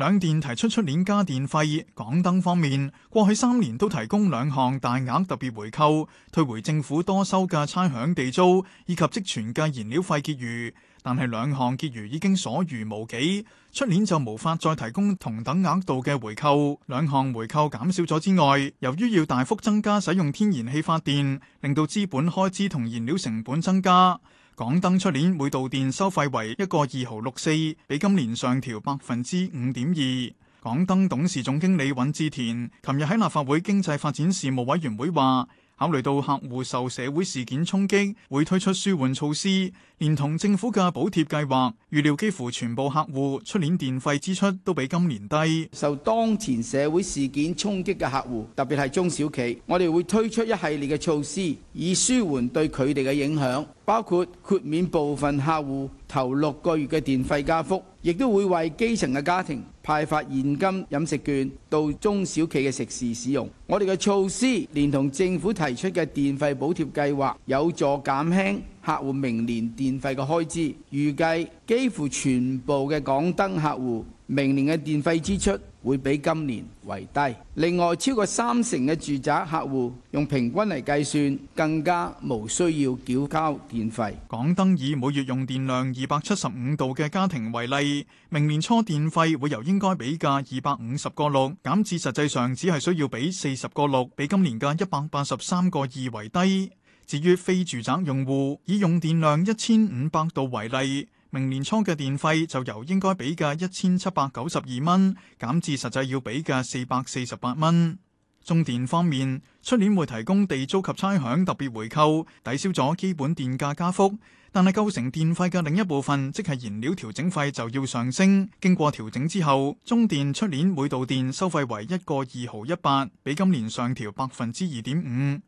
兩電提出出年加電費，港燈方面過去三年都提供兩項大額特別回扣，退回政府多收嘅差餉地租以及積存嘅燃料費結餘，但係兩項結餘已經所餘無幾，出年就無法再提供同等額度嘅回扣。兩項回扣減少咗之外，由於要大幅增加使用天然氣發電，令到資本開支同燃料成本增加。港燈出年每度電收費為一個二毫六四，比今年上調百分之五點二。港燈董事總經理尹志田琴日喺立法會經濟發展事務委員會話，考慮到客戶受社會事件衝擊，會推出紓緩措施，連同政府嘅補貼計劃，預料幾乎全部客戶出年電費支出都比今年低。受當前社會事件衝擊嘅客戶，特別係中小企，我哋會推出一系列嘅措施，以紓緩對佢哋嘅影響。包括豁免部分客戶頭六個月嘅電費加幅，亦都會為基層嘅家庭派發現金飲食券到中小企嘅食肆使用。我哋嘅措施連同政府提出嘅電費補貼計劃，有助減輕客戶明年電費嘅開支。預計幾乎全部嘅港燈客戶明年嘅電費支出，會比今年為低。另外，超過三成嘅住宅客戶，用平均嚟計算，更加無需要繳交電費。港燈以每月用電量二百七十五度嘅家庭為例，明年初電費會由應該比價二百五十個六減至實際上只係需要比四十個六，比今年嘅一百八十三個二為低。至於非住宅用戶，以用電量一千五百度為例。明年初嘅電費就由應該俾嘅一千七百九十二蚊減至實際要俾嘅四百四十八蚊。中電方面，出年會提供地租及差餉特別回扣，抵消咗基本電價加幅，但係構成電費嘅另一部分，即係燃料調整費就要上升。經過調整之後，中電出年每度電收費為一個二毫一八，比今年上調百分之二點五。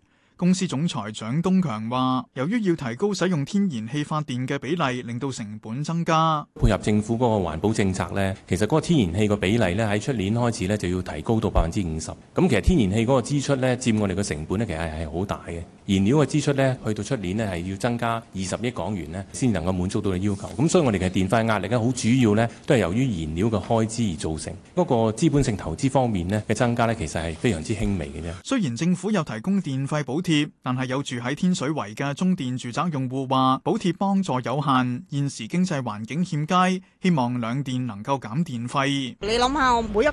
公司總裁蔣東強話，由於要提高使用天然氣發電嘅比例，令到成本增加。配合政府嗰個環保政策呢，其實嗰個天然氣個比例呢，喺出年開始呢就要提高到百分之五十。咁其實天然氣嗰個支出呢，佔我哋嘅成本呢，其實係好大嘅。燃料嘅支出呢，去到出年呢係要增加二十億港元呢，先能夠滿足到嘅要求。咁所以我哋嘅電費壓力呢，好主要呢都係由於燃料嘅開支而造成。嗰個資本性投資方面呢，嘅增加呢，其實係非常之輕微嘅啫。雖然政府有提供電費補貼。但係有住喺天水圍嘅中電住宅用戶話，補貼幫助有限，現時經濟環境欠佳，希望兩電能夠減電費。你諗下，我每一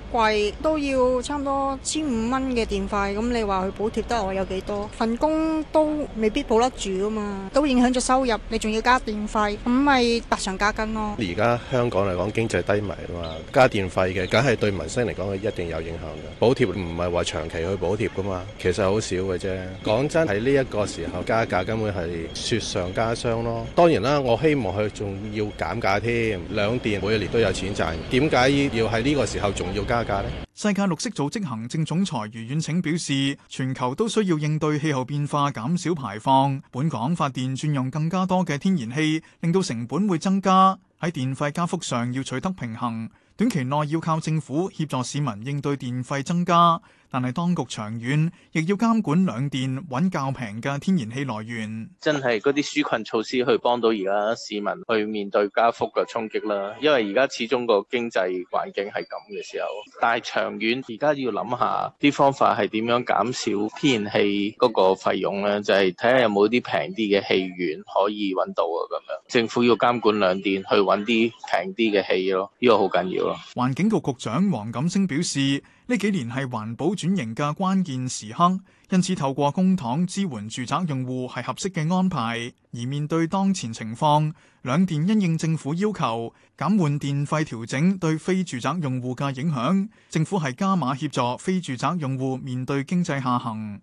季都要差唔多千五蚊嘅電費，咁你話佢補貼得我有幾多？份工都未必保得住啊嘛，都影響咗收入，你仲要加電費，咁咪雪上加霜咯。而家香港嚟講，經濟低迷啊嘛，加電費嘅梗係對民生嚟講係一定有影響嘅。補貼唔係話長期去補貼噶嘛，其實好少嘅啫。講真，喺呢一個時候加價根本係雪上加霜咯。當然啦，我希望佢仲要減價添。兩電每一年都有錢賺，點解要喺呢個時候仲要加價呢？世界綠色組織行政總裁余遠清表示，全球都需要應對氣候變化、減少排放。本港發電轉用更加多嘅天然氣，令到成本會增加。喺電費加幅上要取得平衡，短期內要靠政府協助市民應對電費增加，但係當局長遠亦要監管兩電揾較平嘅天然氣來源。真係嗰啲紓困措施去幫到而家市民去面對加幅嘅衝擊啦。因為而家始終個經濟環境係咁嘅時候，但係長遠而家要諗下啲方法係點樣減少天然氣嗰個費用咧？就係睇下有冇啲平啲嘅氣源可以揾到啊！咁樣政府要監管兩電去。揾啲平啲嘅氣咯，呢個好緊要咯。環境局局長黃錦星表示，呢幾年係環保轉型嘅關鍵時刻，因此透過公帑支援住宅用戶係合適嘅安排。而面對當前情況，兩電因應政府要求減緩電費調整對非住宅用戶嘅影響，政府係加碼協助非住宅用戶面對經濟下行。